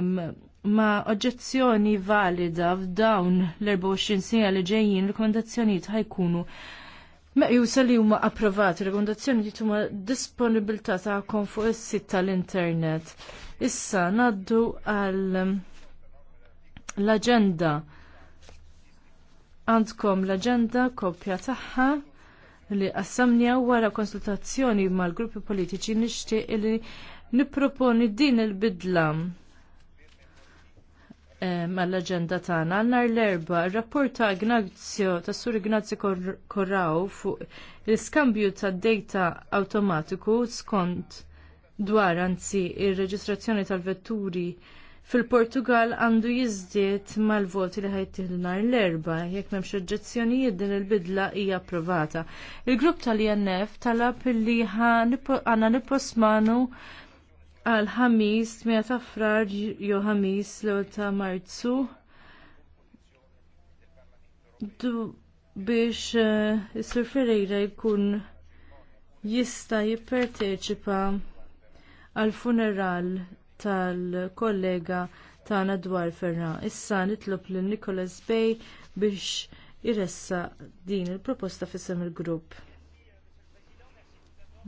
Um, ma oġġezzjoni valida f'dawn l-24 sija li ġejjin rekomendazzjonijiet ħajkunu meqjusa li huma approvati li huma disponibilità tagħkom fuq is-sit tal-internet. Issa naddu għal um, l-aġenda għandkom l-aġenda kopja tagħha li qassamnija wara konsultazzjoni mal-gruppi politiċi nixtieq li nipproponi din il-bidla Eh, mal-agenda tagħna nhar l-erba rapport ta' Ignazio ta' Sur Ignazio Corrao fuq l-iskambju ta' data awtomatiku skont dwar anzi ir-reġistrazzjoni tal-vetturi fil-Portugal għandu jiżdied mal-voti li ħajtilna l-erba jekk m'hemmx oġġezzjonijiet din il-bidla hija approvata. Il-grupp tal-INF talab li għandna nipposmanu għal ħamis 8 mela ta' frar jew ħamis l ta' marzu biex eh, is-Sur Ferreira jkun jista' jipparteċipa għal funeral tal-kollega tana dwar Ferra. Issa nitlob lil Nicolas Bay biex iressa din il-proposta fissam il-grupp.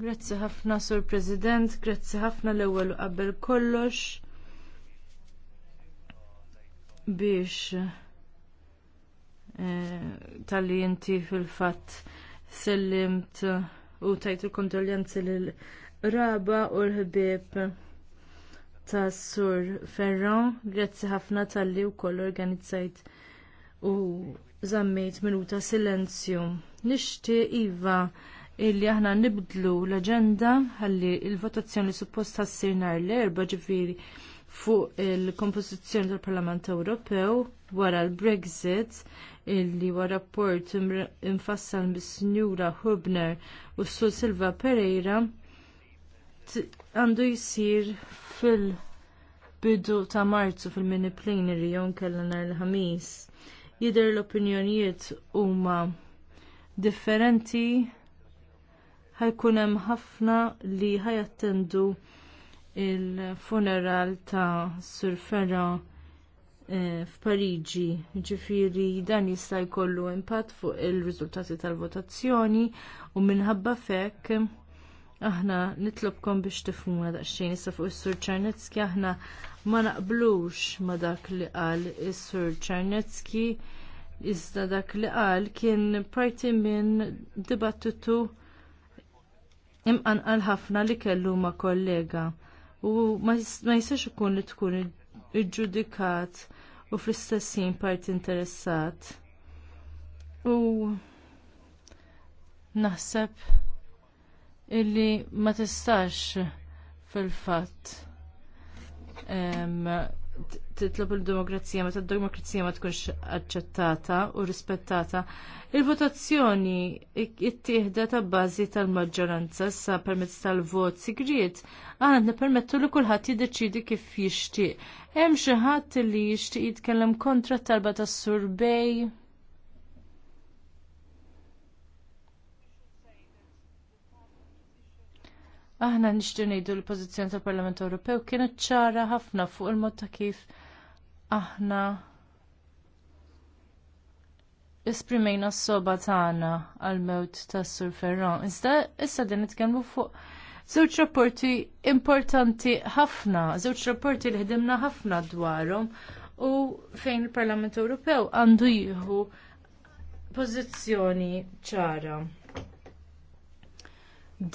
Grazzi ħafna, Sur President, grazzi ħafna l-ewwel qabel kollox biex eh, tal-li inti fil-fatt sellimt u tajtu kondoljanzi l raba u l-ħbieb tas Sur Ferron, grazzi ħafna tal-li wkoll organizzajt u zammejt minuta silenzju. Nishti iva illi aħna nibdlu l-agenda ħalli il-votazzjoni supposta ssir nhar l-erba' ġifieri fuq il-kompożizzjoni tal-Parlament Ewropew wara l-Brexit illi wara rapport infassal mis-Sinjura Hubner u s-Sur Silva Pereira għandu jsir fil-bidu ta' Marzu fil-mini plenary jon kellha nhar ħamis Jidher l-opinjonijiet huma differenti ħajkun hemm ħafna li ħajattendu il-funeral ta' Sir Ferra eh, f'Pariġi. Ġifieri dan jista' jkollu impatt fuq ir-riżultati tal-votazzjoni u minħabba fekk aħna nitlobkom biex tifhmuna daqsxejn issa fuq is-Sur Czarnecki aħna ma naqblux ma dak li qal is-Sur Czarnecki iżda dak li qal kien parti minn dibattitu imqan ħafna li kellu ma kollega u ma jistax ikun li tkun iġġudikat u fl-istessin part interessat. U naħseb illi ma tistax fil-fatt titlob il-demokrazija, meta d-demokrazija ma tkunx aċċettata u rispettata, il-votazzjoni ittieħda ta' bażi tal-maġġoranza sa permezz tal-vot sigriet, għandna nippermettu li kulħadd jiddeċidi kif jixtieq. Hemm xi ħadd li jixtieq jitkellem kontra t-talba tas-surbej. Aħna nixtru ngħidu l-pożizzjoni tal-Parlament Ewropew kienet ċara ħafna fuq il-mod ta' kif aħna esprimejna s-soba tagħna għall mewt tas Sur Ferran. Iżda issa din nitkellmu fuq żewġ rapporti importanti ħafna, żewġ rapporti li ħdimna ħafna dwarhom u fejn il-Parlament Ewropew għandu jieħu pożizzjoni ċara.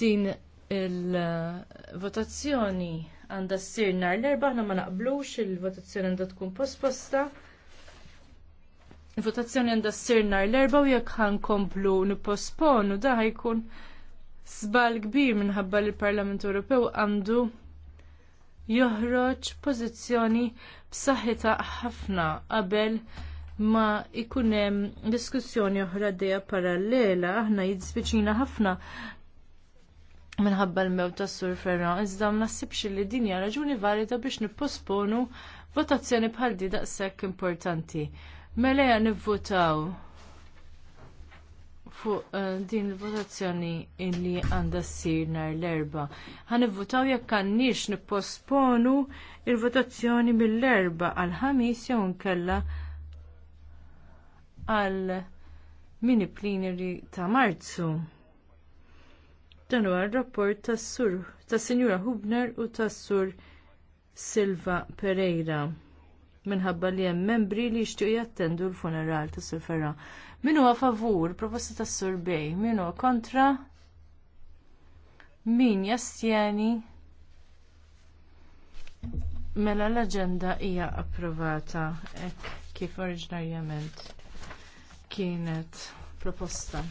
Din il-votazzjoni għandha ssir nhar l-erba' aħna ma naqblux il-votazzjoni għandha tkun posposta. Il-votazzjoni għandha ssir nhar l-erba' u jekk ħankomplu nipposponu da jkun sbal kbir minħabba li l-Parlament Ewropew għandu joħroġ pożizzjoni b'saħħitha ħafna qabel ma ikunem hemm diskussjoni oħra dejja parallela aħna jiddispiċina ħafna minħabba l-mew ta' Sur Ferra, iżda ma naħsibx li din hija raġuni valida biex nipposponu votazzjoni bħal di daqshekk importanti. Mela ja nivvotaw fuq eh, din il-votazzjoni illi għandha ssir nhar l-erba. Ħan nivvotaw jekk għandniex nipposponu l votazzjoni mill-erba għal ħamis jew nkella għal mini plenary ta' Marzu. Dan huwa r-rapport tas-sur tas-Sinjura Hubner u tas-sur Silva Pereira minħabba li hemm membri li jixtiequ jattendu l-funeral tas Sur Ferra. Min huwa favur proposta tas-Sur Bej, min huwa kontra min jastjeni mela l-aġenda hija approvata hekk kif oriġinarjament kienet proposta.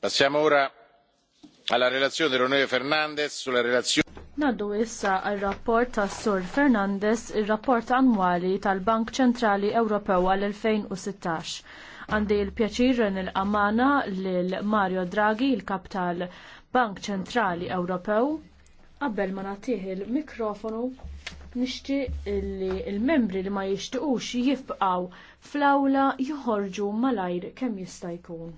Passiamo ora alla relazione dell'onorevole Fernandez sulla relazione. Naddu issa għal rapport ta' Sur Fernandez, il-rapport annwali tal-Bank Ċentrali Ewropew għal-2016. Għandi l pjaċir nil-amana l-Mario Draghi, il-kap tal-Bank Ċentrali Ewropew. Qabel ma nagħtih il-mikrofonu, nixtieq li l membri li ma jixtiequx jibqgħu fl-awla joħorġu malajr kemm jista' jkun.